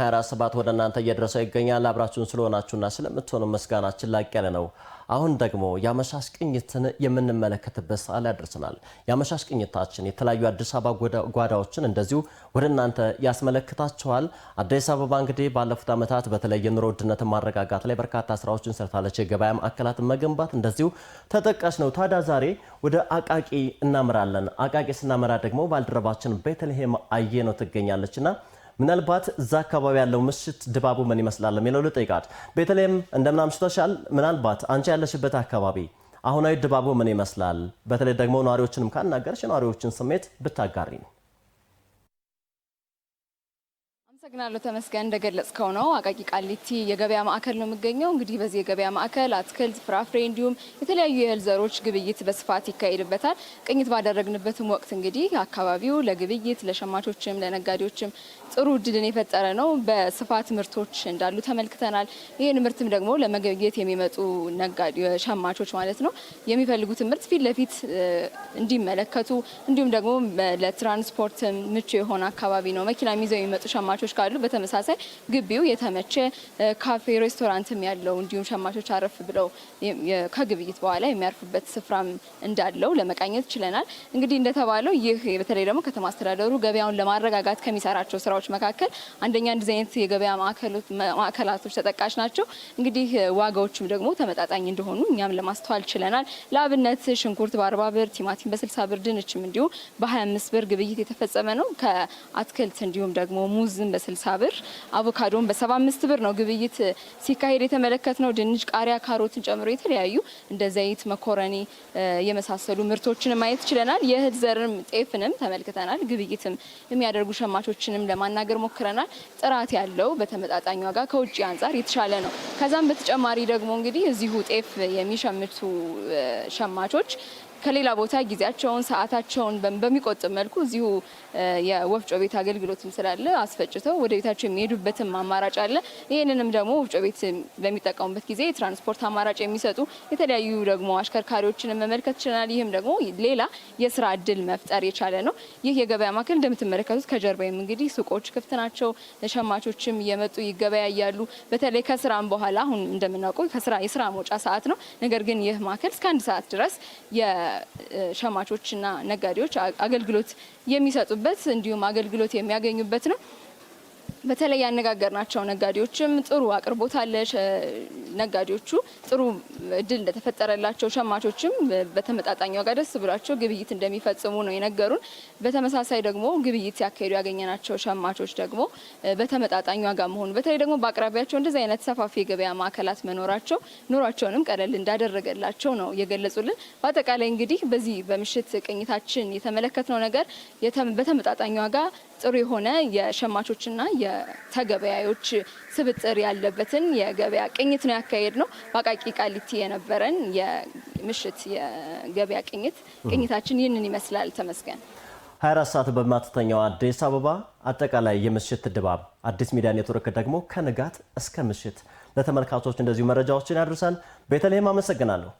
24 ሰባት ወደ እናንተ እየደረሰ ይገኛል። አብራችሁን ስለሆናችሁና ስለምትሆኑ መስጋናችን ላቅ ያለ ነው። አሁን ደግሞ የአመሻሽ ቅኝትን የምንመለከትበት ሰዓት ላይ ደርሰናል። የአመሻሽ ቅኝታችን የተለያዩ አዲስ አበባ ጓዳዎችን እንደዚሁ ወደ እናንተ ያስመለክታቸዋል። አዲስ አበባ እንግዲህ ባለፉት ዓመታት በተለይ የኑሮ ውድነትን ማረጋጋት ላይ በርካታ ስራዎችን ሰርታለች። የገበያ ማዕከላትን መገንባት እንደዚሁ ተጠቃሽ ነው። ታዲያ ዛሬ ወደ አቃቂ እናምራለን። አቃቂ ስናመራ ደግሞ ባልደረባችን ቤተልሔም ትገኛለች ትገኛለችና ምናልባት እዛ አካባቢ ያለው ምሽት ድባቡ ምን ይመስላል የሚለው ልጠይቃት። ቤተልሔም እንደምን አምሽተሻል? ምናልባት አንቺ ያለሽበት አካባቢ አሁናዊ ድባቡ ምን ይመስላል? በተለይ ደግሞ ነዋሪዎችንም ካናገርሽ የነዋሪዎችን ስሜት ብታጋሪ ነው። አመሰግናለሁ ተመስገን። እንደገለጽከው ነው አቃቂ ቃሊቲ የገበያ ማዕከል ነው የሚገኘው። እንግዲህ በዚህ የገበያ ማዕከል አትክልት፣ ፍራፍሬ እንዲሁም የተለያዩ የእህል ዘሮች ግብይት በስፋት ይካሄድበታል። ቅኝት ባደረግንበትም ወቅት እንግዲህ አካባቢው ለግብይት ለሸማቾችም ለነጋዴዎችም ጥሩ እድልን የፈጠረ ነው። በስፋት ምርቶች እንዳሉ ተመልክተናል። ይህን ምርትም ደግሞ ለመገብየት የሚመጡ ሸማቾች ማለት ነው የሚፈልጉትን ምርት ፊት ለፊት እንዲመለከቱ እንዲሁም ደግሞ ለትራንስፖርት ምቹ የሆነ አካባቢ ነው መኪና ይዘው የሚመጡ ሸማቾች ካሉ በተመሳሳይ ግቢው የተመቸ ካፌ፣ ሬስቶራንትም ያለው እንዲሁም ሸማቾች አረፍ ብለው ከግብይት በኋላ የሚያርፉበት ስፍራም እንዳለው ለመቃኘት ችለናል። እንግዲህ እንደተባለው ይህ በተለይ ደግሞ ከተማ አስተዳደሩ ገበያውን ለማረጋጋት ከሚሰራቸው ስራዎች መካከል አንደኛ እንደዚህ አይነት የገበያ ማዕከላቶች ተጠቃሽ ናቸው። እንግዲህ ዋጋዎችም ደግሞ ተመጣጣኝ እንደሆኑ እኛም ለማስተዋል ችለናል። ለአብነት ሽንኩርት በአርባ ብር፣ ቲማቲም በስልሳ ብር፣ ድንችም እንዲሁ በሀያ አምስት ብር ግብይት የተፈጸመ ነው። ከአትክልት እንዲሁም ደግሞ ሙዝም በ60 ብር፣ አቮካዶን በ75 ብር ነው ግብይት ሲካሄድ የተመለከት ነው። ድንች፣ ቃሪያ፣ ካሮትን ጨምሮ የተለያዩ እንደ ዘይት፣ መኮረኒ የመሳሰሉ ምርቶችን ማየት ችለናል። የእህል ዘርም ጤፍንም ተመልክተናል። ግብይትም የሚያደርጉ ሸማቾችንም ለማናገር ሞክረናል። ጥራት ያለው በተመጣጣኝ ዋጋ ከውጭ አንጻር የተሻለ ነው። ከዛም በተጨማሪ ደግሞ እንግዲህ እዚሁ ጤፍ የሚሸምቱ ሸማቾች ከሌላ ቦታ ጊዜያቸውን ሰዓታቸውን በሚቆጥብ መልኩ እዚሁ የወፍጮ ቤት አገልግሎትም ስላለ አስፈጭተው ወደ ቤታቸው የሚሄዱበትም አማራጭ አለ። ይህንንም ደግሞ ወፍጮ ቤት በሚጠቀሙበት ጊዜ የትራንስፖርት አማራጭ የሚሰጡ የተለያዩ ደግሞ አሽከርካሪዎችን መመልከት ችለናል። ይህም ደግሞ ሌላ የስራ እድል መፍጠር የቻለ ነው። ይህ የገበያ ማዕከል እንደምትመለከቱት ከጀርባይም እንግዲህ ሱቆች ክፍት ናቸው። ሸማቾችም እየመጡ ይገበያያሉ። በተለይ ከስራም በኋላ አሁን እንደምናውቀው የስራ መውጫ ሰዓት ነው። ነገር ግን ይህ ማዕከል እስከ አንድ ሰዓት ድረስ ለሸማቾችና ነጋዴዎች አገልግሎት የሚሰጡበት እንዲሁም አገልግሎት የሚያገኙበት ነው። በተለይ ያነጋገርናቸው ነጋዴዎችም ጥሩ አቅርቦት አለ። ነጋዴዎቹ ጥሩ እድል እንደተፈጠረላቸው፣ ሸማቾችም በተመጣጣኝ ዋጋ ደስ ብሏቸው ግብይት እንደሚፈጽሙ ነው የነገሩን። በተመሳሳይ ደግሞ ግብይት ሲያካሄዱ ያገኘናቸው ሸማቾች ደግሞ በተመጣጣኝ ዋጋ መሆኑ በተለይ ደግሞ በአቅራቢያቸው እንደዚህ አይነት ሰፋፊ የገበያ ማዕከላት መኖራቸው ኑሯቸውንም ቀለል እንዳደረገላቸው ነው የገለጹልን። በአጠቃላይ እንግዲህ በዚህ በምሽት ቅኝታችን የተመለከትነው ነገር በተመጣጣኝ ዋጋ ጥሩ የሆነ የሸማቾችና የተገበያዮች ስብጥር ያለበትን የገበያ ቅኝት ነው ያካሄድ ነው። በአቃቂ ቃሊቲ የነበረን የምሽት የገበያ ቅኝት ቅኝታችን ይህንን ይመስላል። ተመስገን 24 ሰዓት በማትተኛው አዲስ አበባ አጠቃላይ የምሽት ድባብ አዲስ ሚዲያ ኔትወርክ ደግሞ ከንጋት እስከ ምሽት ለተመልካቾች እንደዚሁ መረጃዎችን ያደርሳል። ቤተልሔም አመሰግናለሁ።